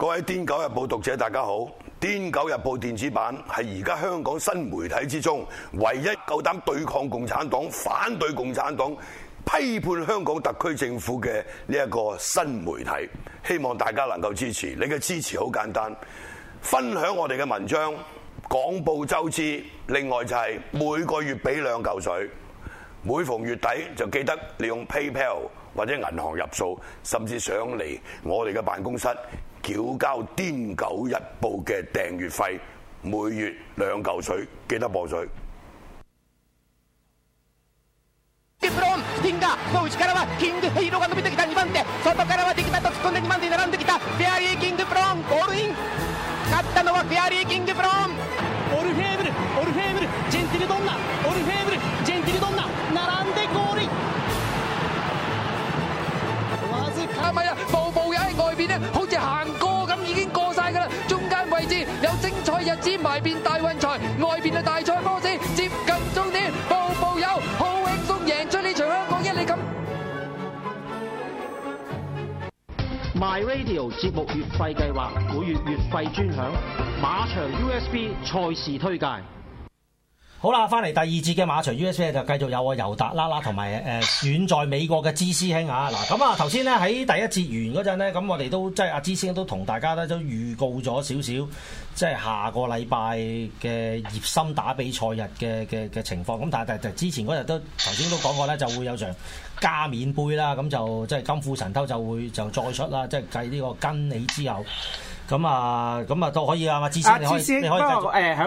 各位《癲狗日報》讀者，大家好，《癲狗日報》電子版係而家香港新媒體之中唯一夠膽對抗共產黨、反對共產黨、批判香港特區政府嘅呢一個新媒體。希望大家能夠支持，你嘅支持好簡單，分享我哋嘅文章，廣佈周知。另外就係每個月俾兩嚿水，每逢月底就記得利用 PayPal 或者銀行入數，甚至上嚟我哋嘅辦公室。《繳交癲狗日報》嘅訂閱費每月兩嚿水，幾多磅水？支埋變大運財，外邊嘅大賽波子接近終點，步步有好輕鬆，贏出呢場香港一力錦。My Radio 節目月費計劃，每月月費專享，馬場 USB 賽事推介。好啦，翻嚟第二節嘅馬場 USB 就繼續有我尤達啦啦同埋誒遠在美國嘅芝師兄啊！嗱、啊，咁啊頭先咧喺第一節完嗰陣咧，咁我哋都即係阿芝師兄都同大家咧都預告咗少少，即係下個禮拜嘅日本打比賽日嘅嘅嘅情況。咁但係但係之前嗰日都頭先都講過咧，就會有場加冕杯啦，咁就即係金庫神偷就會就再出啦，即係繼呢個跟你之後。咁啊，咁啊都可以啊嘛，諮詢你，你可喺、啊、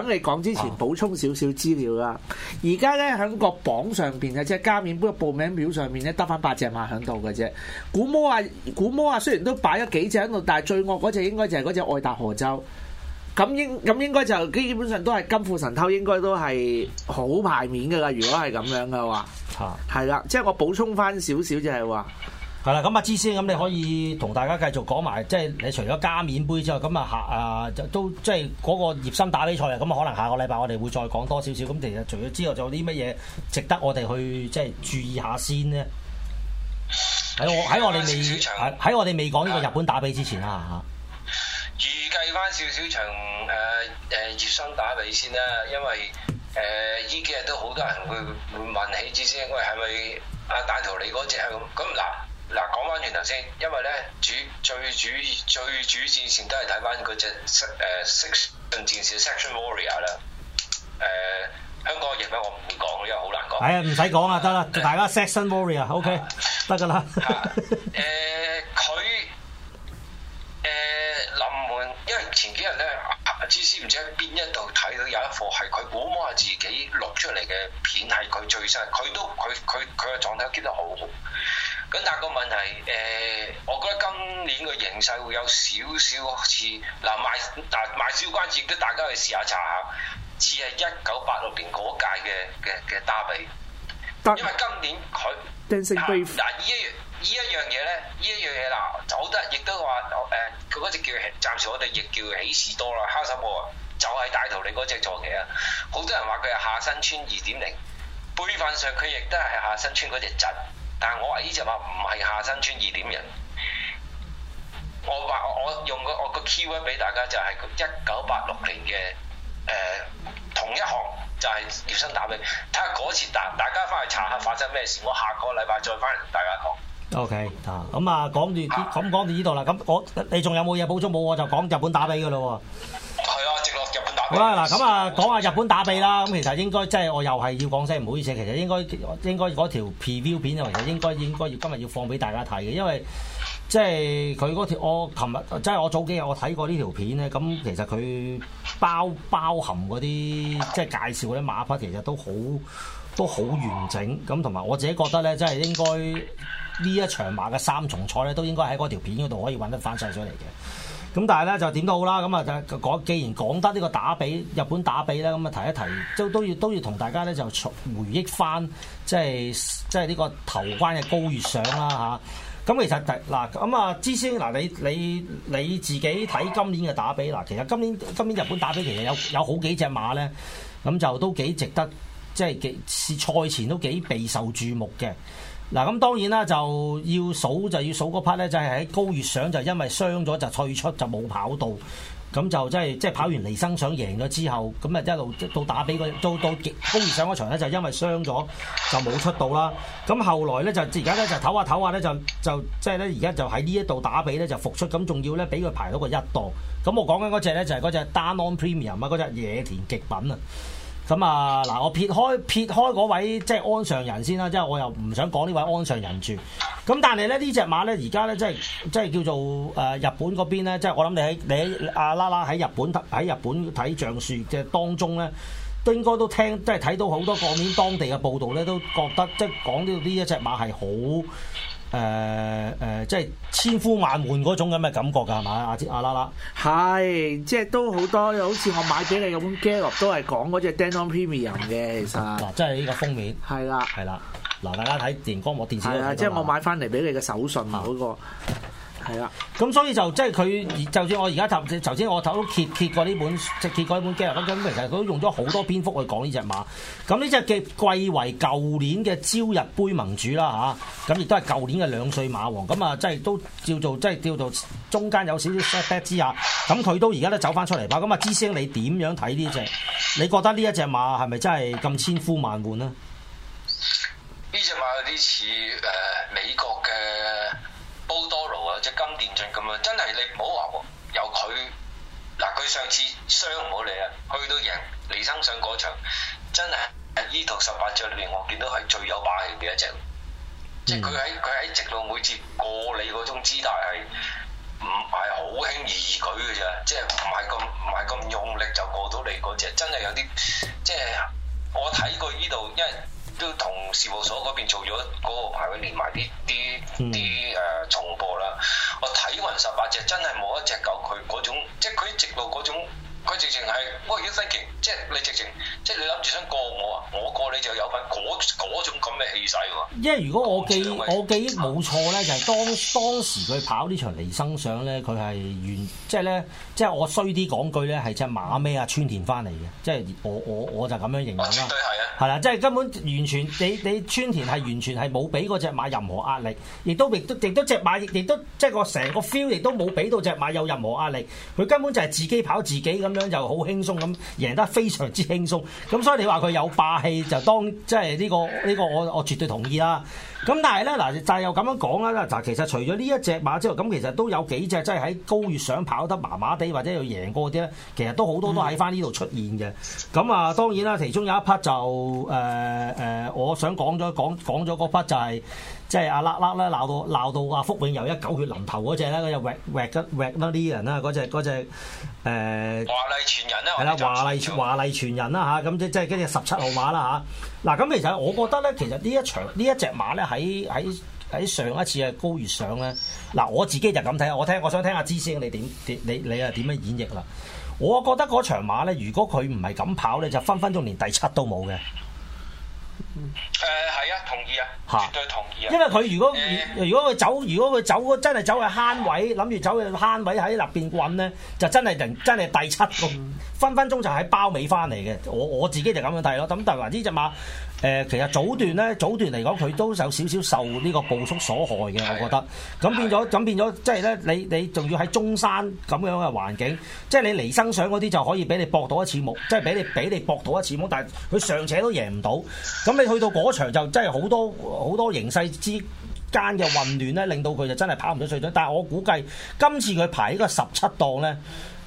你講我、呃、之前補充少少，少資料啦。而家咧喺個榜上邊嘅，即、就、係、是、加冕杯嘅報名表上面咧，得翻八隻馬喺度嘅啫。古魔啊，古魔啊，雖然都擺咗幾隻喺度，但係最惡嗰隻應該就係嗰隻愛達荷州。咁應咁應該就基本上都係金庫神偷，應該都係好牌面嘅啦。如果係咁樣嘅話，係啦、啊，即係我補充翻少，少少就係話。係啦，咁阿芝師，咁你可以同大家繼續講埋，即係你除咗加冕杯之外，咁啊下啊都即係嗰個熱身打比賽啊，咁可能下個禮拜我哋會再講多少少，咁其實除咗之後，仲有啲乜嘢值得我哋去即係注意下先呢？喺我喺我哋未喺我哋未講呢個日本打比之前啊，預計翻少少場誒誒熱身打比先啦，因為誒呢、呃、幾日都好多人會問起芝師，喂係咪阿大頭嚟嗰隻啊咁嗱？嗱，講翻轉頭先，因為咧主最主最主戰線都係睇翻嗰隻誒 Saxon 戰士 Saxon Warrior 啦。誒，香港嘅嘢咧我唔會講，因為好難講。係啊、哎，唔使講啊，得啦，大家 Saxon Warrior，OK，、okay, 得㗎啦、啊。誒了，佢誒臨門，因為前幾日咧。知知唔知喺邊一度睇到有一課係佢估摸下自己錄出嚟嘅片，係佢最新，佢都佢佢佢個狀態 keep 得好好。咁但係個問題，誒、呃，我覺得今年嘅形勢會有少少似嗱賣嗱賣少關節，都大家去試下查下，似係一九八六年嗰屆嘅嘅嘅打比，但 因為今年佢定嗱呢一樣。一呢一樣嘢咧，呢一樣嘢嗱走得亦都話誒，佢、呃、嗰隻叫暫時我哋亦叫喜事多啦，哈什布啊，就係帶頭領嗰隻坐騎啊。好多人話佢係下新村二點零，輩份上佢亦都係下新村嗰隻侄，但係我話呢隻話唔係下新村二點零。我話我用個我個 keyword 俾大家，就係一九八六年嘅誒、呃、同一行就係、是、葉生打嘅，睇下嗰次大大家翻去查下發生咩事，我下個禮拜再翻嚟同大家講。哦 O K，啊，咁、okay，啊，講完啲，咁講到呢度啦。咁、啊、我你仲有冇嘢補充？冇我就講日本打比嘅咯。係啊、嗯，直落日本打。哇，嗱咁啊，講下日本打比啦。咁其實應該即係我又係要講聲，唔好意思，其實應該應該嗰條 preview 片其實應該應該要今日要放俾大家睇嘅，因為即係佢嗰條我琴日即係我早幾日我睇過呢條片咧。咁其實佢包包含嗰啲即係介紹嗰啲馬匹，其實都好都好完整。咁同埋我自己覺得咧，即係應該。呢一場馬嘅三重賽咧，都應該喺嗰條片嗰度可以揾得翻曬出嚟嘅。咁但係咧就點都好啦，咁啊，講既然講得呢個打比日本打比咧，咁啊提一提，都都要都要同大家咧就回憶翻，即係即係呢個頭關嘅皋月賞啦吓，咁、啊、其實嗱咁啊，之先嗱你你你自己睇今年嘅打比嗱、啊，其實今年今年日本打比其實有有好幾隻馬咧，咁就都幾值得，即係幾賽前都幾備受注目嘅。嗱，咁當然啦，就要數就要數嗰 part 咧，就係、是、喺高月上就因為傷咗就退出就冇跑到，咁就即係即係跑完離生上贏咗之後，咁啊一路到打比嗰到到高月上嗰場咧就因為傷咗就冇出到啦。咁後來咧就而家咧就唞下唞下咧就就即係咧而家就喺呢一度打比咧就復出，咁仲要咧俾佢排到一個一檔。咁我講緊嗰隻咧就係嗰隻 Danon Premium 啊，嗰隻野田極品啊。咁啊，嗱，我撇開撇開嗰位即係鞍上人先啦，即係我又唔想講呢位鞍上人住。咁但係咧呢隻馬咧，而家咧即係即係叫做誒、呃、日本嗰邊咧，即係我諗你喺你呀 LakLak 喺日本喺日本睇橡樹嘅當中咧，都應該都聽即係睇到好多個面當地嘅報導咧，都覺得即係講呢呢一隻馬係好。誒誒、呃呃，即係千呼萬喚嗰種咁嘅感覺㗎，係嘛？阿姐阿啦啦，係、啊啊、即係都好多，好似我買俾你嗰本 Gallop 都係講嗰隻 Danon、um、Premium 嘅，其、啊、實。嗱，即係呢個封面。係啦的，係啦。嗱，大家睇電光幕電視啊，即係我買翻嚟俾你嘅手信嗰的、那個。係啊，咁、嗯、所以就即係佢，就算我而家頭頭先我頭都揭揭過呢本，即係揭過呢本 journal 啦。咁其實佢都用咗好多篇幅去講呢隻馬。咁呢隻嘅貴為舊年嘅朝日杯盟主啦吓，咁亦都係舊年嘅兩歲馬王。咁啊、啊，即係都叫做即係叫做中間有少少 set back 之下，咁佢都而家都走翻出嚟吧。咁啊，知聲你點樣睇呢隻？你覺得呢一隻馬係咪真係咁千呼萬喚呢？呢隻馬有啲似誒美國嘅。隻金殿俊咁樣，真係你唔好話有佢。嗱，佢上次傷唔好理啊，去到贏李生上嗰場，真係呢套十八隻裏邊，我見到係最有霸氣嘅一隻。即係佢喺佢喺直路每次過你嗰種姿態係唔係好輕而易舉嘅啫？即係唔係咁唔係咁用力就過到你嗰隻，真係有啲即係我睇過呢度因為。都同事務所嗰邊做咗嗰個排位連，連埋啲啲啲誒重播啦。我睇勻十八隻，真係冇一隻夠佢嗰種，即係佢一直路嗰種。佢直情係我而家分奇，即係你直情，即係你諗住想過我啊？我過你就有份嗰嗰種咁嘅氣勢喎。因為如果我記我，我記憶冇錯咧，就係、是、當 當時佢跑呢場尼生上咧，佢係完，即係咧，即係我衰啲講句咧，係隻馬咩啊川田翻嚟嘅，即係我我我就咁樣形容啦。絕 對係啊！係啦，即、就、係、是、根本完全你你川田係完全係冇俾嗰隻馬任何壓力，亦都亦都亦都隻馬亦都即係個成個 feel 亦都冇俾到隻馬有任何壓力，佢根本就係自己跑自己咁。咁樣就好輕鬆咁贏得非常之輕鬆，咁所以你話佢有霸氣就當即係呢個呢個，這個、我我絕對同意啦。咁但係咧嗱，就是、又咁樣講啦。嗱，其實除咗呢一隻馬之外，咁其實都有幾隻即係喺高月賞跑得麻麻地或者要贏過啲咧，其實都好多都喺翻呢度出現嘅。咁啊，當然啦，其中有一匹就誒誒、呃呃，我想講咗講講咗嗰 p 就係、是。即係阿甩甩啦，鬧到鬧到阿福永又一狗血淋頭嗰隻咧，佢又搣搣得人啦，嗰隻隻誒華麗傳人咧、啊，係啦的，華麗華麗傳人啦、啊、嚇，咁即即係跟住十七號馬啦、啊、嚇。嗱、啊，咁其實我覺得咧，其實呢一場呢一隻馬咧，喺喺喺上一次嘅高月上咧，嗱、啊，我自己就咁睇，我聽我想聽下芝仙你點你你係點樣演繹啦？我覺得嗰場馬咧，如果佢唔係咁跑咧，就分分鐘連第七都冇嘅。誒，係啊，同意啊，絕對同意啊。因為佢如果如果佢走，如果佢走真係走去慳位，諗住走去慳位喺入邊滾，咧，就真係人真係第七個， 分分鐘就喺包尾翻嚟嘅。我我自己就咁樣睇咯。咁但係話呢隻馬。誒，其實早段咧，早段嚟講佢都有少少受呢個步速所害嘅，我覺得。咁變咗，咁變咗，即係咧，你你仲要喺中山咁樣嘅環境，即係你離生想嗰啲就可以俾你博到一次木，即係俾你俾你博到一次木。但係佢尚且都贏唔到，咁你去到嗰場就真係好多好多形勢之間嘅混亂咧，令到佢就真係跑唔到水準。但係我估計今次佢排個呢個十七檔咧。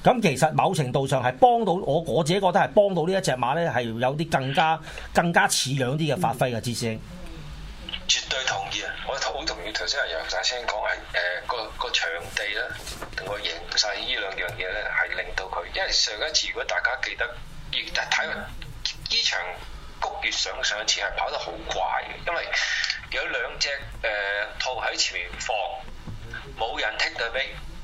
咁其實某程度上係幫到我，我自己覺得係幫到呢一隻馬咧，係有啲更加更加似樣啲嘅發揮嘅姿聲。智師兄絕對同意啊！我好同意頭先阿楊大先講係誒個、個個場地啦同個形勢呢兩樣嘢咧係令到佢，因為上一次如果大家記得，越睇依場谷月上上一次係跑得好怪嘅，因為有兩隻誒、呃、套喺前面放，冇人踢對逼，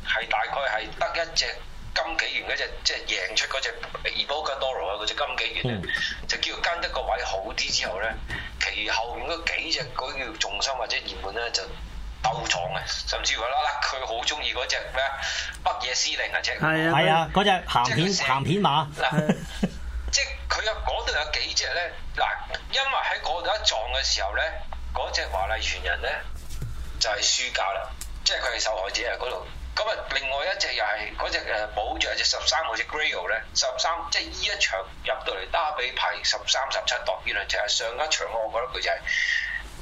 係大概係得一隻。金紀元嗰隻即係贏出嗰隻 Eborodoro 啊，嗰隻金紀元就叫跟得個位好啲之後咧，其餘後面嗰幾隻嗰、那個、叫重心或者熱門咧就鬥撞啊，甚至話啦，佢好中意嗰隻咩北野司令啊，只係麼啊嗰隻鹹片鹹是片馬， 即係佢有嗰度有幾隻咧，嗱，因為喺嗰度一撞嘅時候咧，嗰隻華麗傳人咧就係、是、輸家啦，即係佢係受害者啊嗰度。咁啊，另外一隻又係嗰隻誒保障，一隻十三嗰隻 Greyo 咧，十三即係依一場入到嚟打比排十三十七檔，原來就係上一場，我覺得佢就係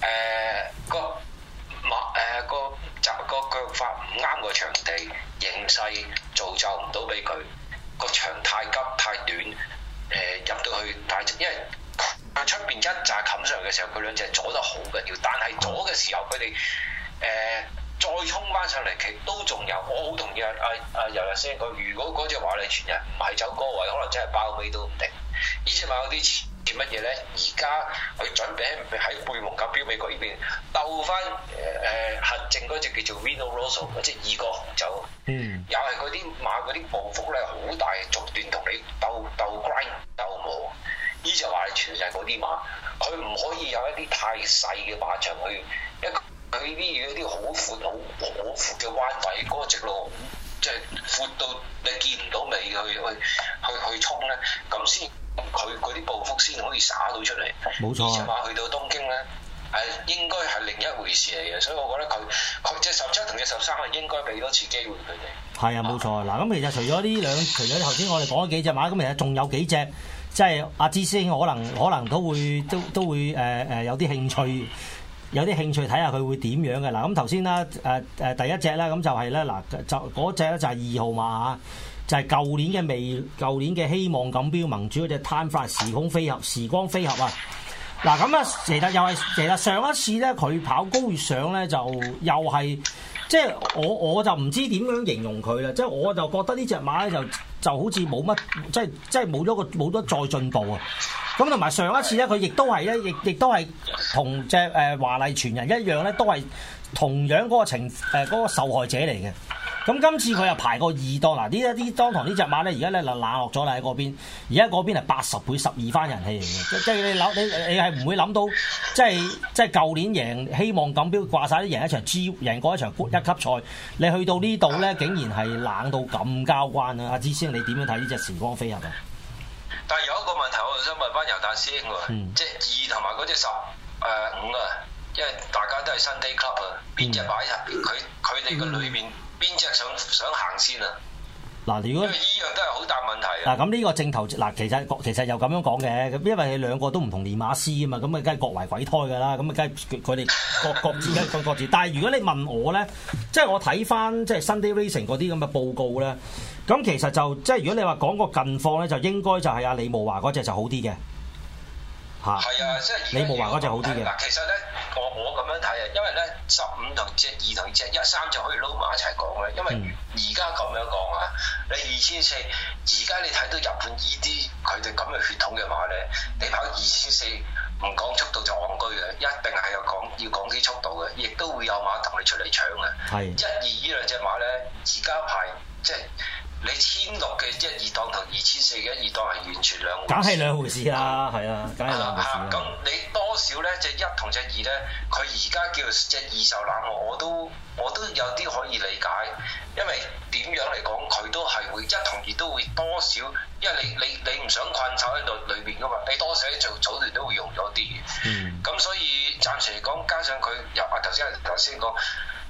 誒個麥誒個雜個腳法唔啱個場地形勢造就唔到俾佢，個場太急太短誒、呃、入到去太，但因為出邊一紮冚上嚟嘅時候，佢兩隻阻得好緊要，但係阻嘅時候佢哋誒。呃再衝翻上嚟，其實都仲有，我好同意阿阿阿尤先生講，如果嗰隻馬你全日唔係走高位，可能真係包尾都唔定。隻呢隻馬有啲似乜嘢咧？而家佢準備喺喺背蒙甲標美國呢邊鬥翻誒核證嗰隻叫做 Vino Rosso 即係意國紅酒。嗯，又係嗰啲馬嗰啲波幅咧好大，逐段同你鬥鬥 grind 鬥毛。呢就話你全日嗰啲馬，佢唔可以有一啲太細嘅馬場去。佢呢啲如果啲好闊、好好闊嘅彎位，嗰、那個直路即係闊到你見唔到尾去去去去衝咧，咁先佢嗰啲步幅先可以灑到出嚟。冇錯錯。隻馬去到東京咧，係應該係另一回事嚟嘅，所以我覺得佢隻十七同隻十三係應該俾多次機會佢哋。係啊，冇錯。嗱，咁其實除咗呢兩，除咗頭先我哋講咗幾隻馬，咁其實仲有幾隻，即、就、係、是、阿之星可能可能都會都都會誒誒、呃、有啲興趣。有啲興趣睇下佢會點樣嘅嗱，咁頭先啦，誒、呃、誒第一隻咧，咁就係咧嗱，就嗰隻咧就係二號馬，就係舊年嘅未，舊年嘅希望錦標盟主嗰隻 Time Flash 時空飛俠、時光飛俠啊，嗱咁啊，其實又係其實上一次咧佢跑高上咧就又係，即係我我就唔知點樣形容佢啦，即係我就覺得呢隻馬咧就就好似冇乜，即係即係冇咗個冇得再進步啊！咁同埋上一次咧，佢亦都係咧，亦亦都係同隻誒華麗傳人一樣咧，都係同樣嗰個情誒嗰個受害者嚟嘅。咁今次佢又排過二檔嗱，呢一啲當堂呢隻馬咧，而家咧就冷落咗啦喺嗰邊。而家嗰邊係八十倍十二番人氣嚟嘅，即係 你諗，你你係唔會諗到，即係即係舊年贏希望錦標掛晒啲贏一場 G 贏過一場一級賽，你去到呢度咧，竟然係冷到咁交關啊！阿志師兄，你點樣睇呢隻時光飛俠啊？但係有一個問題，我哋想問翻尤達師兄喎，嗯、2 即係二同埋嗰隻十誒五啊，5，因為大家都係 Sunday Club 入啊，邊佢佢哋個裏面。邊隻想想行先啊？嗱，如果呢樣都係好大問題。嗱、啊，咁呢個正頭嗱、啊，其實其實又咁樣講嘅，因為你兩個都唔同練馬師啊，嘛，咁啊梗係各懷鬼胎噶啦，咁啊梗係佢哋各各自各各自。各自 但係如果你問我咧，即係我睇翻即係 Sunday Racing 嗰啲咁嘅報告咧，咁其實就即係如果你話講個近況咧，就應該就係阿李慕華嗰隻就好啲嘅，吓。係啊，即係李慕華嗰隻好啲嘅。嗱，其實咧，我我咁樣睇啊，因為咧。十五同隻二同隻一三就可以撈埋一齊講嘅，因為而家咁樣講啊，你二千四，而家你睇到日本依啲佢哋咁嘅血統嘅馬咧，你跑二千四唔講速度就戇居嘅，一定係有講要講啲速度嘅，亦都會有馬同你出嚟搶嘅。係是的 一二呢兩隻馬咧，而家排即係。1 你千六嘅一二檔同二千四嘅一二檔係完全兩回事，回事啦，係啊，係咁你多少咧？即一同即二咧？佢而家叫做係二手冷，我我都我都有啲可以理解，因為點樣嚟講，佢都係會一同二都會多少，因為你你你唔想困炒喺度裏邊噶嘛？你多少做早段都會用咗啲嘅，嗯，咁所以暫時嚟講，加上佢又啊頭先頭先講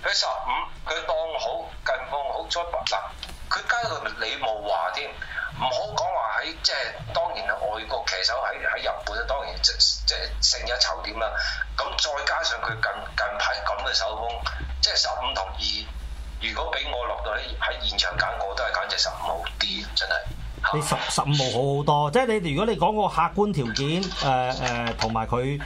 佢十五佢當好近放好不十。嗯嗯佢加個李慕華添，唔好講話喺即係當然係外國騎手喺喺日本啊，當然、就係、即即成一籌點啦。咁再加上佢近近排咁嘅手工，即係十五同二。如果俾我落到喺喺現場揀，我都係揀隻十五號啲，真係。你十十五、啊、號好好多，即係你如果你講個客觀條件，誒誒同埋佢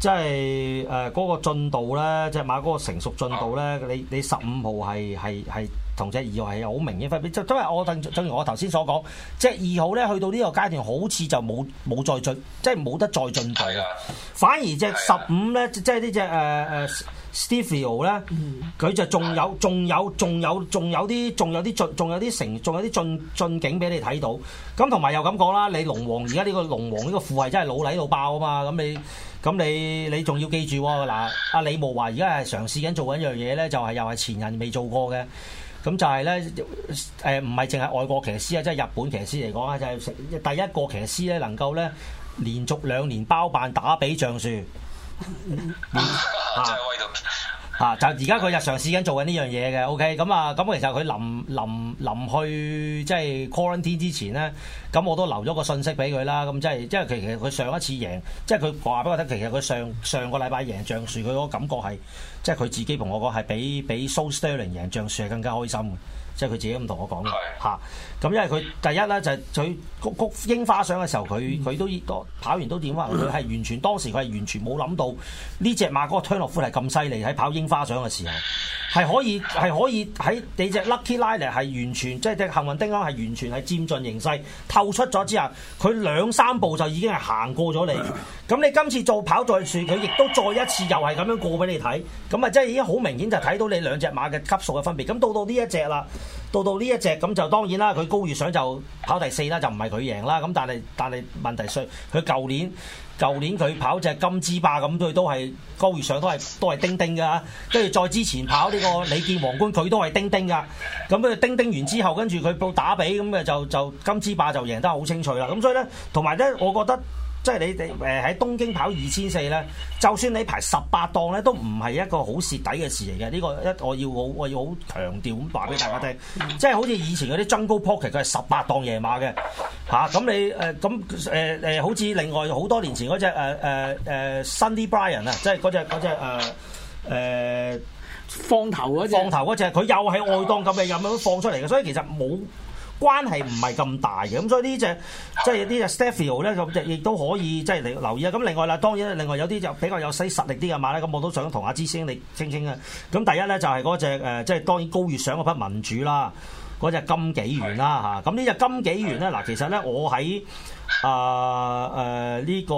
即係誒嗰個進度咧，即係買嗰個成熟進度咧，啊、你你十五號係係係。同隻二號係有好明顯分別，就因為我等，正如我頭先所講，隻二號咧去到呢個階段，好似就冇冇再進，即係冇得再進步。係。 反而隻十五咧， 即係呢隻誒誒 Stevio 咧，佢、uh, uh, 就仲有仲有仲有仲有啲仲有啲進仲有啲成仲有啲進進境俾你睇到。咁同埋又咁講啦，你龍王而家呢個龍王呢個父系真係老底老爆啊嘛！咁你咁你你仲要記住嗱、哦，阿李慕華而家係嘗試緊做緊一樣嘢咧，就係、是、又係前人未做過嘅。咁就係、是、咧，誒唔係淨係外國騎師啊，即係日本騎師嚟講啊，就係、是、第一個騎師咧，能夠咧連續兩年包辦打比橡樹。 啊 嚇！就而家佢日常試緊做緊呢樣嘢嘅，OK，咁啊，咁其實佢臨臨臨去即係 quarantine 之前咧，咁我都留咗個信息俾佢啦。咁即係，即係其實佢上一次贏，即係佢話俾我聽，其實佢上上個禮拜贏橡樹，佢個感覺係，即係佢自己同我講係比比蘇斯汀贏橡樹係更加開心嘅，即係佢自己咁同我講嘅嚇。咁因為佢第一咧就係佢櫻櫻花賞嘅時候，佢佢都多跑完都點啊！佢係完全當時佢係完全冇諗到呢隻馬哥推諾夫係咁犀利喺跑櫻花賞嘅時候，係可以係可以喺你隻 Lucky Line 嚟係完全即係隻幸運丁香係完全係佔盡形勢，透出咗之後，佢兩三步就已經係行過咗嚟。咁你今次做跑再處，佢亦都再一次又係咁樣過俾你睇。咁啊，即係已經好明顯就睇到你兩隻馬嘅級數嘅分別。咁到到呢一隻啦，到到呢一隻咁就當然啦，佢。高月想就跑第四啦，就唔係佢贏啦。咁但係但係問題，上佢舊年舊年佢跑隻金枝霸咁，佢都係高月想都係都係丁丁噶。跟住再之前跑呢個李健皇冠，佢都係丁丁噶。咁佢丁丁完之後，跟住佢報打比咁嘅就就金枝霸就贏得好清脆啦。咁所以咧，同埋咧，我覺得。即係你哋誒喺東京跑二千四咧，就算你排十八檔咧，都唔係一個好蝕底嘅事嚟嘅。呢、呢個一我要好我要好強調咁話俾大家聽。即係好似以前嗰啲 Jungle Pocket，佢係十八檔夜馬嘅嚇。咁、啊、你誒咁誒誒，好似另外好多年前嗰隻誒誒誒 Sunny Brian 啊，呃呃、Brian，即係嗰隻嗰隻誒誒放頭嗰隻。放頭隻，佢又係外檔咁嘅，有乜放出嚟嘅？所以其實冇。關係唔係咁大嘅，咁所以隻隻呢隻即係呢阿 Stefio 咧，咁亦都可以即係你留意啊。咁另外啦，當然另外有啲就比較有西實力啲嘅馬咧，咁我都想同阿芝師兄你傾傾啊。咁第一咧就係嗰隻誒，即係當然高月賞嗰匹民主啦，嗰隻金紀元啦嚇。咁呢隻金紀元咧，嗱的其實咧我喺。啊誒，呢、呃呃這個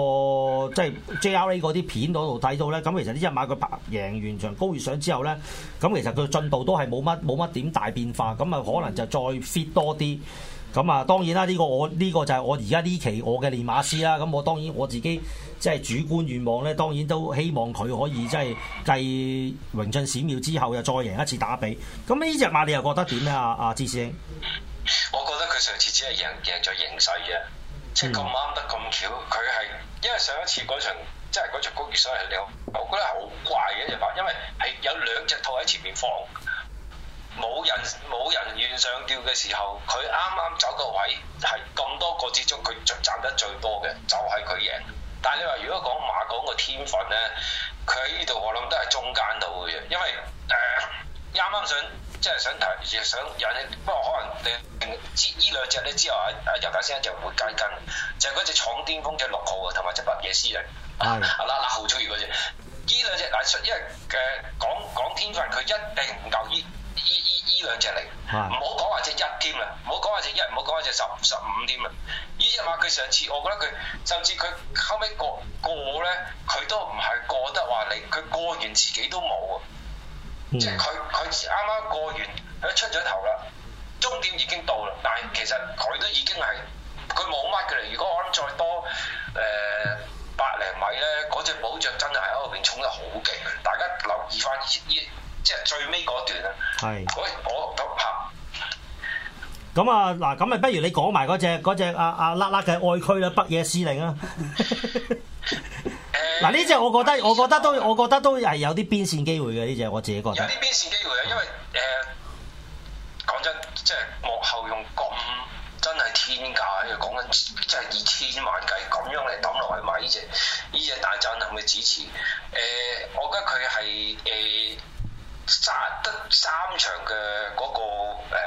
即係 J R A 嗰啲片嗰度睇到咧，咁其實呢隻馬佢白贏完場高月上之後咧，咁其實佢進度都係冇乜冇乜點大變化，咁啊，可能就再 fit 多啲。咁啊，當然啦，呢、這個我呢、這個就係我而家呢期我嘅練馬師啦。咁我當然我自己即係主觀願望咧，當然都希望佢可以即係繼榮進閃耀之後又再贏一次打比。咁呢隻馬你又覺得點啊？阿芝師兄，我覺得佢上次只係贏贏咗形勢嘅。即係咁啱得咁巧，佢 係楽、嗯、 因為上一次嗰場，即係嗰場高月所係你好，我覺得好怪嘅一隻馬，因為係有兩隻兔喺前面放，冇人冇人願上吊嘅時候，佢啱啱走個位，係咁多個之中，佢賺得最多嘅就係、是、佢贏。但係你話如果講馬港個天分咧，佢喺呢度我諗都係中間度嘅，因為誒。呃啱啱想，即係想提，想有你。不過可能你，知呢兩隻咧之後，阿阿尤大聲就活雞筋，就係嗰隻闖巔峯嘅六號啊，同埋七百嘅斯啊。拉拉好中意嗰隻。呢兩隻嗱，因為嘅講講天分，佢一定唔夠呢依依依兩隻嚟。唔好講話隻一添啊，唔好講話隻一，唔好講話隻十十五添啊。呢隻話佢上次，我覺得佢甚至佢後尾過過咧，佢都唔係過得話你，佢過完自己都冇啊。即係佢佢啱啱過完，佢出咗頭啦，終點已經到啦。但係其實佢都已經係，佢冇 mark 嘅。如果我諗再多誒百零米咧，嗰隻保障真係喺度邊衝得好勁。大家留意翻呢，即係最尾嗰段是 啊。係。喂，我等下。咁啊，嗱，咁啊，不如你講埋嗰隻嗰隻阿阿拉拉嘅愛駒啦，北野司令啊。 嗱呢隻我覺得，我覺得都，我覺得都係有啲邊線機會嘅呢隻，這個、我自己覺得有啲邊線機會嘅，因為誒講、呃、真，即係幕後用咁真係天價，講緊即係二千萬計咁樣嚟抌落去買呢隻呢隻大贊能嘅主持。誒、呃，我覺得佢係誒殺得三場嘅嗰、那個誒、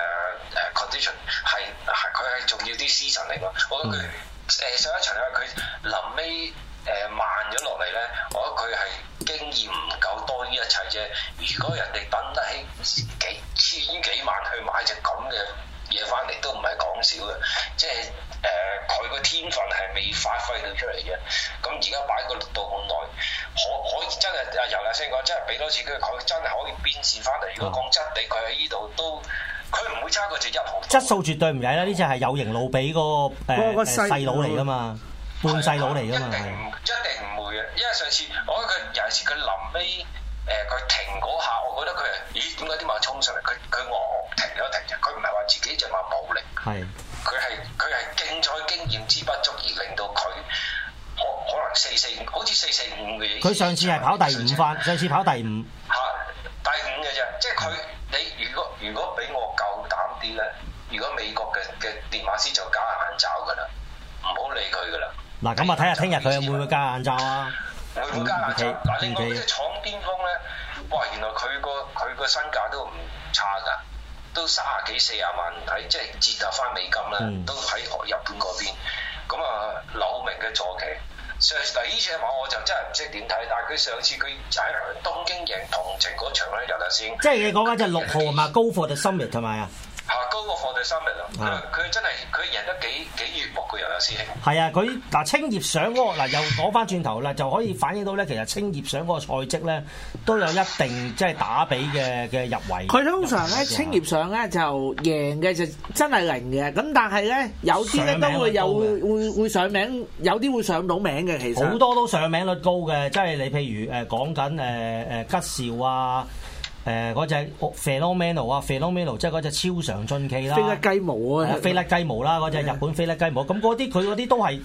呃、condition 係係佢係重要啲思神嚟囉。我覺得佢誒、嗯、上一場嘅佢臨尾。誒慢咗落嚟咧，我覺得佢係經驗唔夠多於一切啫。如果人哋等得起幾千幾萬去買隻咁嘅嘢翻嚟，都唔係講少嘅。即係誒，佢、呃、個天分係未發揮到出嚟嘅。咁而家擺個綠度咁耐，可可以真係啊！由阿星講，真係俾多次佢，佢真係可以編織翻嚟。如果講質地，佢喺呢度都，佢唔會差過隻一毫。質素絕對唔緊啦，呢隻係有型老比嗰個細佬嚟噶嘛。換晒腦嚟，啊，一定唔是一定唔會嘅，因為上次我覺得，佢有陣時佢臨尾誒佢停嗰下，我覺得佢誒咦？點解啲馬衝上嚟？佢佢臥停咗停嘅，佢唔係話自己就話冇力，係佢係佢係競賽經驗之不足而令到佢可可能四四五好似四四五嘅嘢，佢上次係跑第五番。 上次跑第五吓，啊、第五嘅啫，即係佢你如果如果俾我夠膽啲咧，如果美國嘅嘅電馬師就架眼罩噶啦，唔好理佢噶啦。嗱，咁啊睇下聽日佢會唔會加眼罩啊？會唔會加眼罩。嗱，嗱，另外即係闖巔峯咧。哇，原來佢個佢個身價都唔差㗎，都卅幾四十萬喺即係折合翻美金咧，嗯、都喺日本嗰邊。咁啊，柳明嘅坐騎。上次啊，話我就真係唔識點睇，但係佢上次佢就喺東京贏同程嗰場咧入得先。即係你講緊即係六號係嘛？高貨就深日同埋啊？是爬、啊、高個貨第三日啦，佢真係佢贏得幾幾月莫個人啊，師兄。係啊、那個，佢嗱青葉賞嗰個嗱又攞翻轉頭啦，就可以反映到咧，其實青葉賞嗰個賽績咧都有一定即係打比嘅嘅入圍。佢通常咧青葉賞咧就贏嘅就真係零嘅，咁但係咧有啲咧都會有會會上名，有啲會上到名嘅其實。好多都上名率高嘅，即係你譬如誒講緊誒誒吉兆啊。誒嗰隻 Fenomeno 啊 Fenomeno 即係嗰隻超常進騎啦，飛甩雞毛啊，飛甩雞毛啦，嗰隻日本飛甩雞毛，咁嗰啲佢嗰啲都係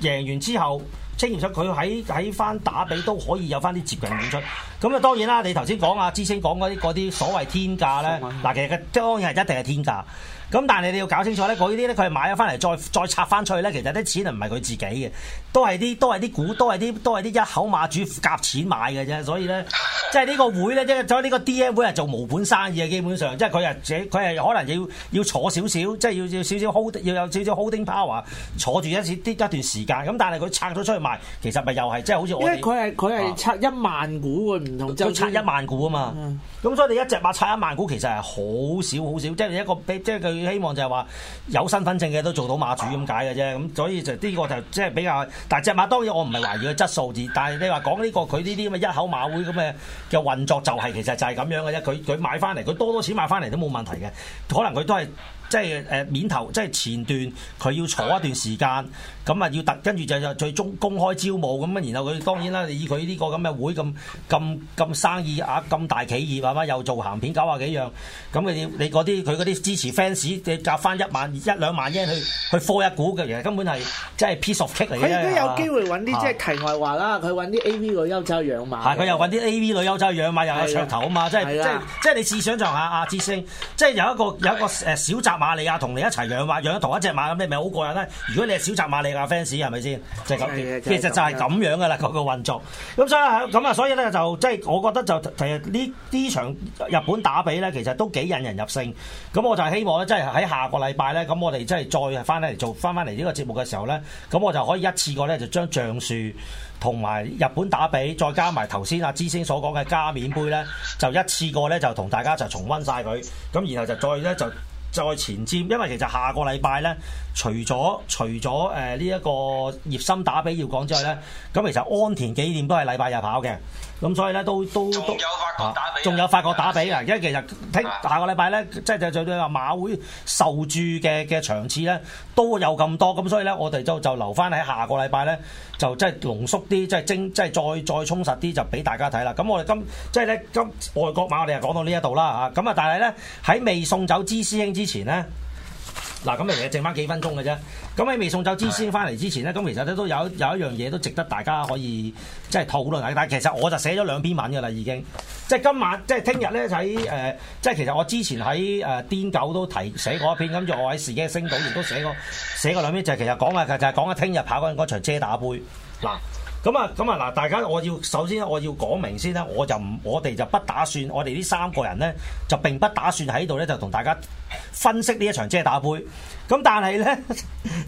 贏完之後，青葉出佢喺喺翻打比都可以有翻啲接近演出，咁啊當然啦，你頭先講啊，知青講嗰啲啲所謂天價咧，嗱其實佢當然係一定係天價。咁但係你要搞清楚咧，嗰啲咧佢係買咗翻嚟再再拆翻出去咧，其實啲錢唔係佢自己嘅，都係啲都係啲股，都係啲都係啲一口馬主夾錢買嘅啫。所以咧，即係呢個會咧，即係咗呢個 D.M. 會係做無本生意嘅，基本上即係佢係佢係可能要要坐少少，即係要少少 hold，要有少少 holding power，坐住一啲一段時間。咁但係佢拆咗出去賣，其實咪又係即係好似我，因為佢係佢係拆一萬股唔同、就是，佢拆一萬股啊嘛。咁的所以你一隻馬拆一萬股，其實係好少好少，即係一個即係佢。佢希望就係話有身份證嘅都做到馬主咁解嘅啫，咁所以就呢個就即係比較，但係隻馬當然我唔係懷疑佢質素，但係你話講呢個佢呢啲咁嘅一口馬會咁嘅嘅運作就係、是、其實就係咁樣嘅啫，佢佢買翻嚟，佢多多錢買翻嚟都冇問題嘅，可能佢都係。即係誒面頭即係前段佢要坐一段時間，咁啊要突，跟住就就最終公開招募咁啊。然後佢當然啦，你以佢呢個咁嘅會，咁咁咁生意啊，咁大企業係嘛，又做鹹片九啊幾樣，咁佢你你嗰啲佢嗰啲支持 fans，你夾翻一萬一兩萬啫，去去科一股嘅，其實根本係即係 piece of cake 嚟嘅。佢都有機會揾啲即係題外話啦，佢揾啲 A V 女優走去養馬。係佢又揾啲 A V 女優走去養馬又有噱頭啊嘛！即係即係即係你試想象下，阿志升即係有一個有一個誒小集。馬里亞同你一齊養馬，養同一隻馬咁，你咪好過癮啦！如果你係小澤馬里亞 fans，係咪先？就咁、是，其實就係咁樣噶啦，嗰個運作。咁所以係咁啊，所以咧就即係我覺得就其實呢呢場日本打比咧，其實都幾引人入勝。咁我就希望咧，即係喺下個禮拜咧，咁我哋即係再翻嚟做翻翻嚟呢個節目嘅時候咧，咁我就可以一次過咧就將橡樹同埋日本打比，再加埋頭先阿之星所講嘅加冕杯咧，就一次過咧就同大家就重溫晒佢。咁然後就再咧就。就去前瞻，因為其實下個禮拜咧，除咗除咗誒呢一個日本打比要講之外咧，咁其實安田紀念都係禮拜日跑嘅。咁所以咧，都都都，仲有法國打比啊！因為其實聽下個禮拜咧，即係就就話馬會受注嘅嘅場次咧，都有咁多。咁所以咧，我哋就就留翻喺下個禮拜咧，就即係濃縮啲，即係精，即係再再充實啲，就俾大家睇啦。咁我哋今即係咧今外國馬，我哋就講到呢一度啦嚇。咁啊，但係咧喺未送走資師兄之前咧。嗱，咁其實剩翻幾分鐘嘅啫。咁喺未送走之先翻嚟之前咧，咁是的 其實咧都有有一樣嘢都值得大家可以即係討論。但係其實我就寫咗兩篇文嘅啦，已經。即係今晚，即係聽日咧喺誒，即係其實我之前喺誒癲狗都提寫過一篇，跟住我喺時機星島亦都寫過寫過兩篇，就係、是、其實講下，就係、是、講下聽日跑嗰陣嗰場遮打杯嗱。啊。咁啊，咁啊，嗱，大家我要首先我要講明先啦，我就唔，我哋就不打算，我哋呢三個人咧就並不打算喺度咧就同大家分析呢一場遮打杯。咁但係咧，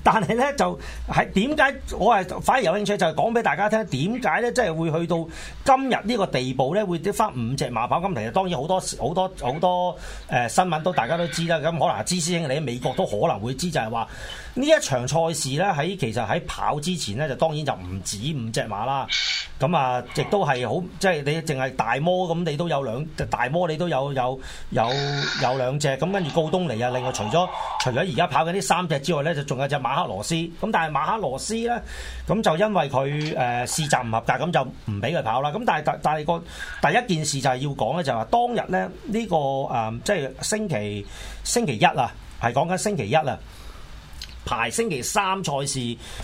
但係咧就係點解？我係反而有興趣，就係講俾大家聽點解咧，即係、就是、會去到今日呢個地步咧，會跌翻五隻馬跑其實當然好多好多好多誒、呃、新聞都大家都知啦。咁可能阿芝師兄你喺美國都可能會知，就係話呢一場賽事咧，喺其實喺跑之前咧，就當然就唔止五隻馬啦。咁啊，亦都係好即係你淨係大摩咁，你都有兩隻大摩，你都有有有有兩隻咁跟住告東尼啊，另外除咗除咗而家跑。呢三隻之外咧，就仲有隻馬克羅斯。咁但係馬克羅斯咧，咁就因為佢誒試閘唔合格，咁就唔俾佢跑啦。咁但係但係個第一件事就係要講咧，就係話當日咧呢、這個誒、呃，即係星期星期一啊，係講緊星期一啊排星期三賽事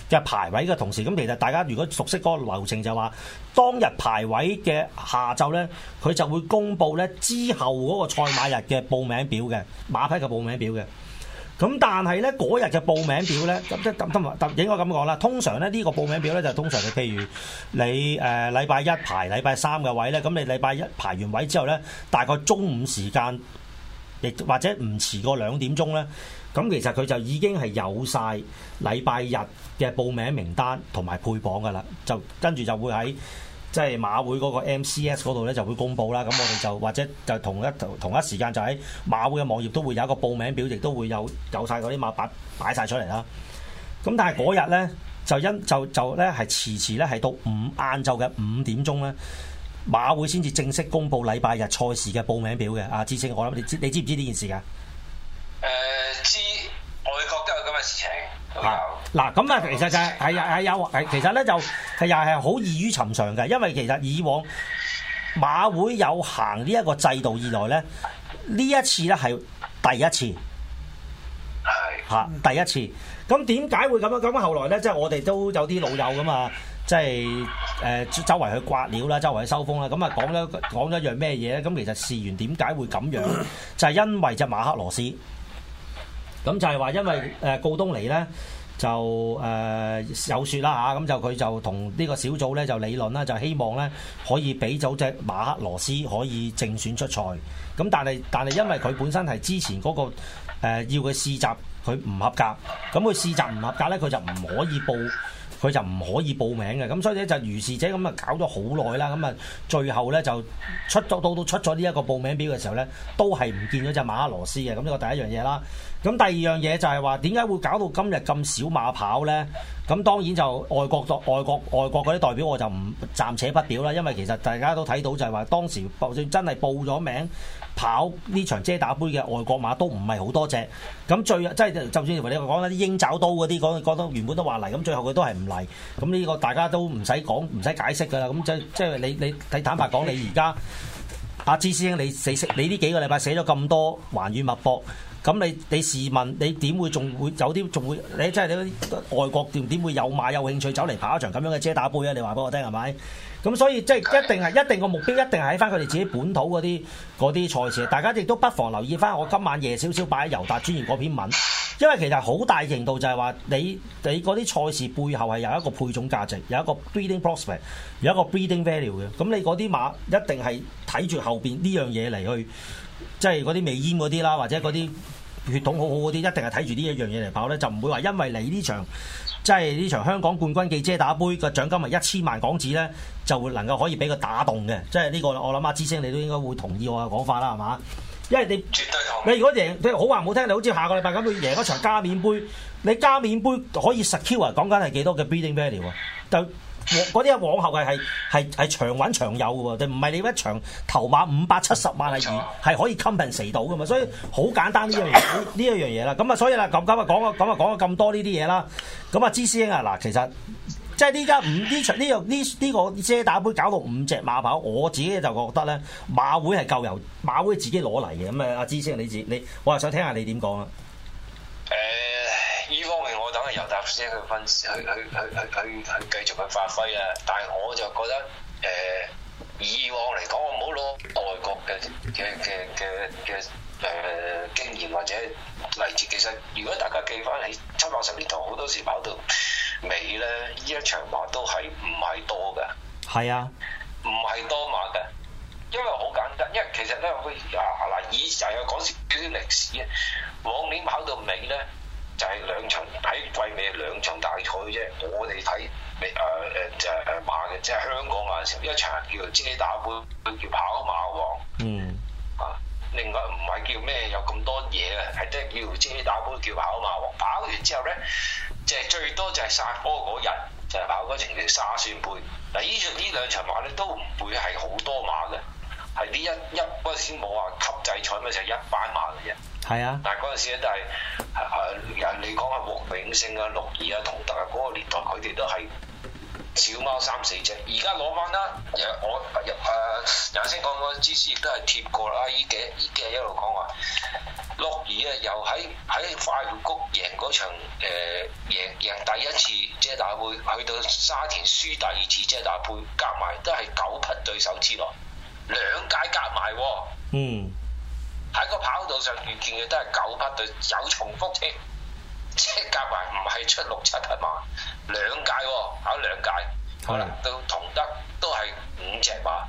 嘅排位嘅同時，咁其實大家如果熟悉嗰個流程就，就話當日排位嘅下晝咧，佢就會公布咧之後嗰個賽馬日嘅報名表嘅馬匹嘅報名表嘅。咁但係咧，嗰日嘅報名表咧，即咁同埋應該咁講啦。通常咧呢個報名表咧就係、通常你譬如你誒禮拜一排禮拜三嘅位咧，咁你禮拜一排完位之後咧，大概中午時間亦或者唔遲過兩點鐘咧，咁其實佢就已經係有晒禮拜日嘅報名名單同埋配榜㗎啦，就跟住就會喺，即係馬會嗰個 MCS 嗰度咧就會公布啦，咁我哋就或者就同一同一時間就喺馬會嘅網頁都會有一個報名表，亦都會有有晒啲馬擺擺晒出嚟啦。咁但係嗰日咧就因就就咧係遲遲咧係到五晏晝嘅五點鐘咧，馬會先至正式公布禮拜日賽事嘅報名表嘅。啊，志勝，我諗你，你知你知唔知呢件事㗎？誒、呃、知，我會覺得有咁嘅事情。吓，嗱咁啊，其實就係係有，係其實咧就係又係好異於尋常嘅，因為其實以往馬會有行呢一個制度以來咧，呢一次咧係第一次，係、啊、嚇第一次。咁點解會咁啊？咁啊，後來咧，即、就、係、是、我哋都有啲老友噶嘛，即係誒周圍去刮料啦，周圍去收風啦，咁啊講咗講咗一樣咩嘢咧？咁其實事緣點解會咁樣？就係、是、因為隻馬克羅斯。咁就係話，因為誒告東尼咧就誒、呃、有說啦嚇，咁、啊、就佢就同呢個小組咧就理論啦，就希望咧可以俾到隻馬克羅斯可以正選出賽。咁但係但係因為佢本身係之前嗰、那個、呃、要佢試閘，佢唔合格，咁佢試閘唔合格咧，佢就唔可以報。佢就唔可以報名嘅，咁所以咧就如是者咁啊搞咗好耐啦，咁啊最後咧就出咗到到出咗呢一個報名表嘅時候咧，都係唔見咗隻馬克羅斯嘅，咁呢個第一樣嘢啦。咁第二樣嘢就係話點解會搞到今日咁少馬跑咧？咁當然就外國外國外國嗰啲代表我就唔暫且不表啦，因為其實大家都睇到就係話當時就算真係報咗名。跑呢場遮打杯嘅外國馬都唔係好多隻，咁最即係，就算你話講啦，啲鷹爪刀嗰啲，講、那、講、個那個、都原本都話嚟，咁最後佢都係唔嚟，咁呢個大家都唔使講，唔使解釋㗎啦。咁即即係你你睇坦白講，你而家阿芝師兄，你寫你呢幾個禮拜寫咗咁多環宇脈搏，咁你你試問你點會仲會有啲仲會你即係啲外國點點會有馬有興趣走嚟跑一場咁樣嘅遮打杯啊？你話俾我聽係咪？咁所以即係一定係一定個目標，一定係喺翻佢哋自己本土嗰啲嗰啲賽事。大家亦都不妨留意翻我今晚夜少少擺喺尤達專員嗰篇文，因為其實好大程度就係話你你嗰啲賽事背後係有一個配種價值，有一個 breeding prospect，有一個 breeding value 嘅。咁你嗰啲馬一定係睇住後邊呢樣嘢嚟去，即係嗰啲未煙嗰啲啦，或者嗰啲血統好好嗰啲，一定係睇住呢一樣嘢嚟跑咧，就唔會話因為你呢場。即係呢場香港冠軍暨遮打杯嘅獎金係一千萬港紙咧，就能夠可以俾佢打動嘅。即係呢個我諗啊，之星你都應該會同意我嘅講法啦，係嘛？因為你絕對你如果贏，你好話唔好聽，你好似下個禮拜咁，你贏嗰場加冕杯，你加冕杯可以 secure 講緊係幾多嘅 bidding value 啊？嗰啲啊往後係係係係長穩長有嘅喎，就唔係你一場頭馬五百七十萬係係可以 compensate 到嘅嘛？所以好簡單呢、這個、 樣嘢，呢一樣嘢啦。咁啊，所以啦，咁今日講啊，咁啊講啊咁多呢啲嘢啦。咁啊，知師兄啊，嗱，其實即係依家五呢呢場呢呢個遮打杯搞到五隻馬跑，我自己就覺得咧，馬會係夠油，馬會自己攞嚟嘅。咁啊，阿知師兄你，你自你，我又想聽下你點講啊。 呢方面我等下又搭車去分析，去去去去去繼續去發揮啦。但係我就覺得誒、呃，以往嚟講，我唔好攞外國嘅嘅嘅嘅嘅誒經驗或者例子。其實如果大家記翻起七八十年代，好多時跑到尾咧，呢一場馬都係唔係多㗎？係是啊，唔係多馬㗎，因為好簡單，因為其實咧，佢啊嗱，以前又有講少少歷史啊，往年跑到尾咧。尾呢尾就係兩場喺季尾兩場大賽啫，我哋睇未誒誒就係誒馬嘅，即係香港馬成一場叫做遮打盃，佢叫跑馬王。嗯，啊，另外唔係叫咩，有咁多嘢啊，係即係叫遮打盃叫跑馬王。跑完之後咧，即係最多就係殺波嗰日就係跑嗰程嘅沙宣杯。嗱，呢呢兩場馬咧都唔會係好多馬嘅，係呢一一嗰陣先冇話級制賽咪成一班馬嘅啫。係啊！但係嗰陣時咧但係誒人哋講係黃永勝啊、鹿兒啊、同德啊嗰個年代，佢哋都係小貓三四隻。而家攞翻啦！我誒頭先講過芝士亦都係貼過啦。依嘅依嘅一路講話，鹿兒啊又喺喺快活谷贏嗰場誒贏第一次遮打盃，去到沙田輸第二次遮打盃，夾埋都係九匹對手之內，兩屆夾埋喎。嗯。上遇見嘅都係九匹對，有重複添，即係夾埋唔係出六七匹馬，兩屆喎，哦，考兩屆，可能、嗯、到同德都係五隻馬。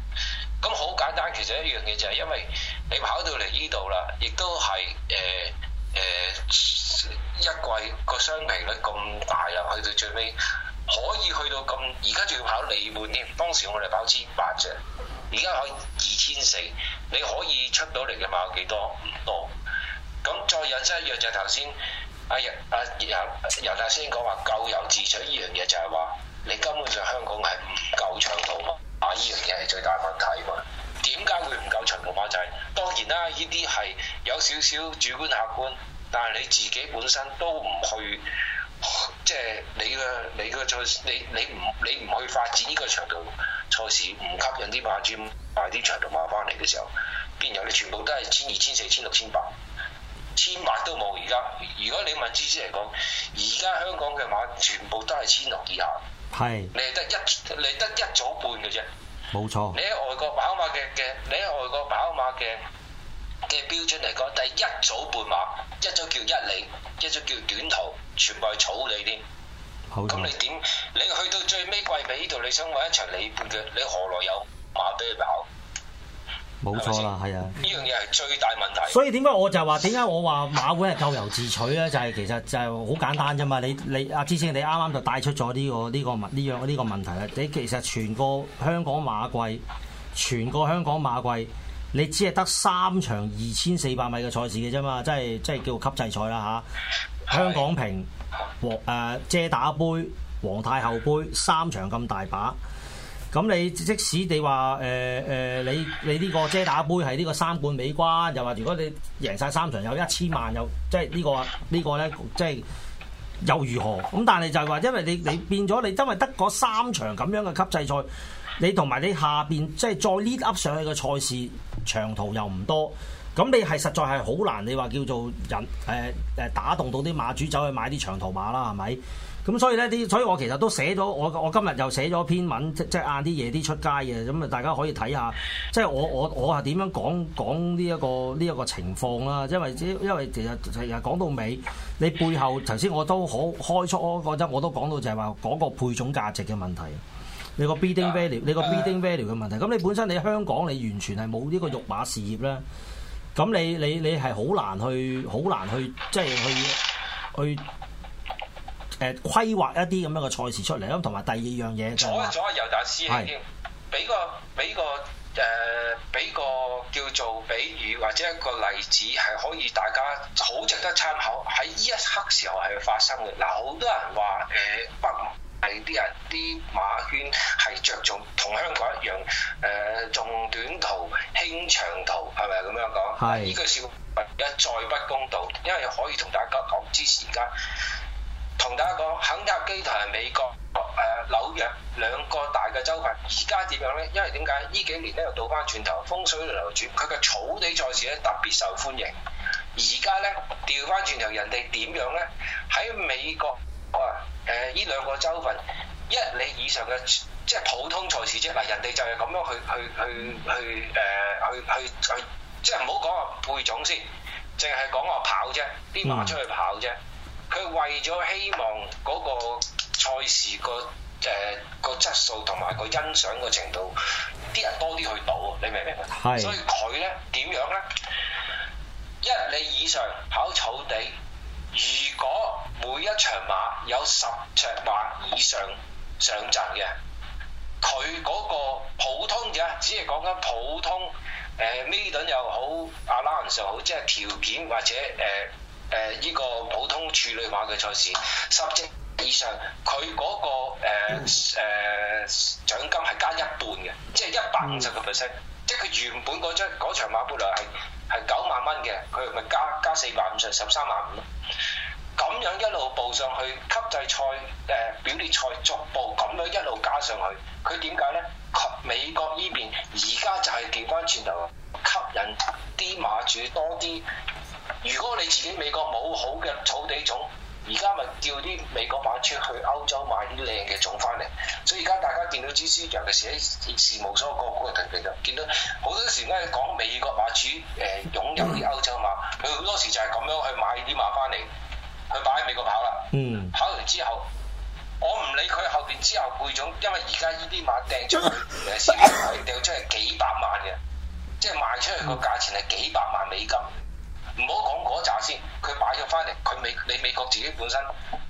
咁好簡單，其實一樣嘢就係因為你跑到嚟呢度啦，亦都係誒誒一季個雙平率咁大啦，去到最尾，可以去到咁，而家仲要考你半添，當時我哋跑千八隻。而家可以二千四，你可以出到嚟嘅碼有幾多？唔多。咁再引申一樣就係頭先，阿日阿日阿日阿先講話咎由自取呢樣嘢，就係話你根本上香港係唔夠長途碼呢樣嘢係最大問題嘛？點解會唔夠長途碼，就係當然啦，呢啲係有少少主觀客觀，但係你自己本身都唔去，即係你嘅你嘅再你你唔你唔去發展呢個長度。賽事唔吸引啲馬主買啲長途馬翻嚟嘅時候，邊有你全部都係千二、千四、千六、千八、千百都冇而家如果你問資資嚟講，而家香港嘅馬全部都係千六以下。係是你係得一，你得一早半嘅啫。冇錯。你喺外國跑馬嘅嘅，你喺外國跑馬嘅嘅標準嚟講，第一早半馬，一早叫一里，一早叫短途，全部係草地添。你點？你去到最尾季尾呢度，你想玩一場你半嘅，你何來有馬俾佢跑？冇錯啦，係啊，呢樣嘢係最大問題。 所以點解我就係話點解我話馬會係咎由自取咧？就係、係、其實就係好簡單啫嘛。你你阿芝先，你啱啱就帶出咗呢、呢個呢、呢個問呢樣呢個問題啦。你其實全個香港馬季，全個香港馬季，你只係得三場二千四百米嘅賽事嘅啫嘛，即係即係叫做級制賽啦嚇。香港平。 皇誒遮打杯、皇太后杯三場咁大把，咁你即使你話誒誒，你你呢個遮打杯係呢個三冠美冠，又話如果你贏晒三場有一千萬，又即係、呢個、呢個呢、呢個呢，即係又如何？咁但係就係話，因為你你變咗你，因為得嗰三場咁樣嘅級制賽，你同埋你下邊即係再 lift up 上去嘅賽事長途又唔多。咁你係實在係好難，你話叫做人，誒、呃、誒打動到啲馬主走去買啲長途馬啦，係咪？咁所以咧啲，所以我其實都寫咗我我今日又寫咗篇文，即即晏啲夜啲出街嘅，咁啊大家可以睇下，即係我我我係點樣講講呢一個呢一個情況啦。因為因為其實其實講到尾，你背後頭先我都好開出嗰個我都講到就係話嗰個配種價值嘅問題，你個 breeding value 你個 breeding value 嘅問題。咁你本身你香港你完全係冇呢個育馬事業啦。咁你你你係好難去好難去即係去去誒、呃、規劃一啲咁樣嘅賽事出嚟咯，同埋第二樣嘢就係左右大師兄，俾是個俾個誒俾、呃、個叫做比喻或者一個例子係可以大家好值得參考喺呢一刻時候係會發生嘅嗱，好多人話誒、呃、不。你啲人啲馬圈係着重同香港一樣，誒、呃、重短途輕長途係咪咁樣講？呢依個少，而家再不公道，因為可以同大家講之時間，同大家講，肯塔基同埋美國誒、呃、紐約兩個大嘅州份，而家點樣咧？因為點解呢幾年咧又倒翻轉頭，風水輪流轉，佢嘅草地賽事咧特別受歡迎。而家咧調翻轉頭，人哋點樣咧？喺美國哇！啊誒呢兩個州份，一哩以上嘅即係普通賽事啫，嗱人哋就係咁樣去去去、呃、去誒去去去，即係唔好講話配種先，淨係講話跑啫，啲馬出去跑啫，佢為咗希望嗰個賽事、呃、個誒個質素同埋佢欣賞嘅程度，啲人多啲去賭，你明唔明啊？是所以佢咧點樣咧？一哩以上跑草地。如果每一場馬有十隻或以上上陣嘅，佢嗰個普通嘅，只係講緊普通誒 maiden 又好，啊 long 又好，即係條件或者誒誒依個普通處女馬嘅賽事十隻以上，佢嗰個誒誒獎金係加一半嘅，即係一百五十個 percent，即係佢原本嗰張嗰場馬本來係，係九萬蚊嘅，佢咪加加四萬五，成十三萬五咯。咁樣一路步上去，級制賽誒、呃、表列賽逐步咁樣一路加上去。佢點解咧？美國呢邊而家就係調翻轉頭，吸引啲馬主多啲。如果你自己美國冇好嘅草地種。而家咪叫啲美國馬主去歐洲買啲靚嘅種翻嚟，所以而家大家見到支書，尤其是喺事務所個股啊，特別就見到好多時咧講美國馬主誒擁有啲歐洲馬，佢好多時就係咁樣去買啲馬翻嚟，去擺喺美國跑啦。嗯，跑完之後，我唔理佢後邊之後配種，因為而家呢啲馬掟出去，誒，先係掟出去幾百萬嘅，即係賣出去個價錢係幾百萬美金。唔好講嗰扎先，佢擺咗翻嚟，佢美你美國自己本身，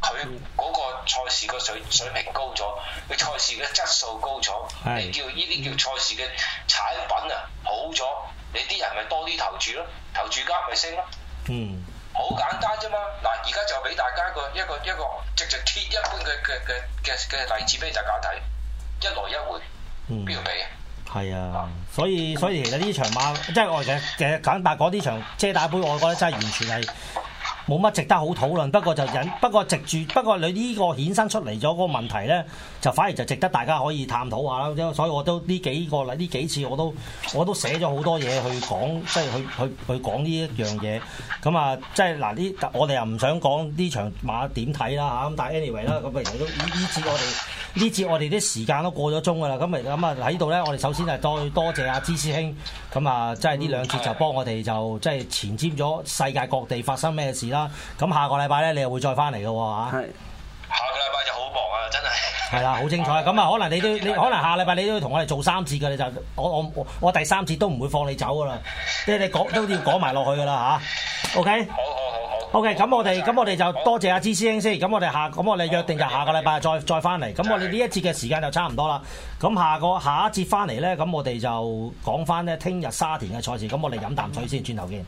佢嗰個賽事個水水平高咗，佢賽事嘅質素高咗，的你叫呢啲叫賽事嘅產品啊好咗，你啲人咪多啲投注咯，投注家咪升咯，嗯，好簡單啫嘛，嗱，而家就俾大家一個一個一個直如鐵一般嘅嘅嘅嘅嘅例子俾大家睇，一來一回標比。嗯。係啊，嗯、所以所以其實呢場馬，即係我其實其實簡單講呢場遮打杯，我覺得真係完全係。冇乜值得好討論，不過就引不過直住，不過你呢個衍生出嚟咗個問題咧，就反而就值得大家可以探討下啦。因為所以我都呢幾個啦，呢幾次我都我都寫咗好多嘢去講，即係去去去講呢一樣嘢。咁啊，即係嗱呢，我哋又唔想講呢場馬點睇啦吓，咁但係 anyway 啦，咁其實都呢節我哋呢節我哋啲時間都過咗鐘㗎啦。咁咪咁啊喺度咧，我哋首先係再多，多謝阿芝師兄。咁啊，即係呢兩節就幫我哋就即係前瞻咗世界各地發生咩事啦。咁下個禮拜咧，你又會再翻嚟嘅喎嚇。係，下個禮拜就好忙啊，真係。係啦，好精彩。咁啊，可能你都你可能下禮拜你都要同我哋做三次嘅，你就我我我第三次都唔會放你走嘅啦。你你講都要講埋落去嘅啦吓。OK。好好好好。OK，咁我哋咁我哋就多謝 GC 師兄先。咁我哋下咁我哋約定就下個禮拜再再翻嚟。咁我哋呢一節嘅時間就差唔多啦。咁下個下一節翻嚟咧，咁我哋就講翻咧聽日沙田嘅賽事。咁我哋飲啖水先，轉頭見。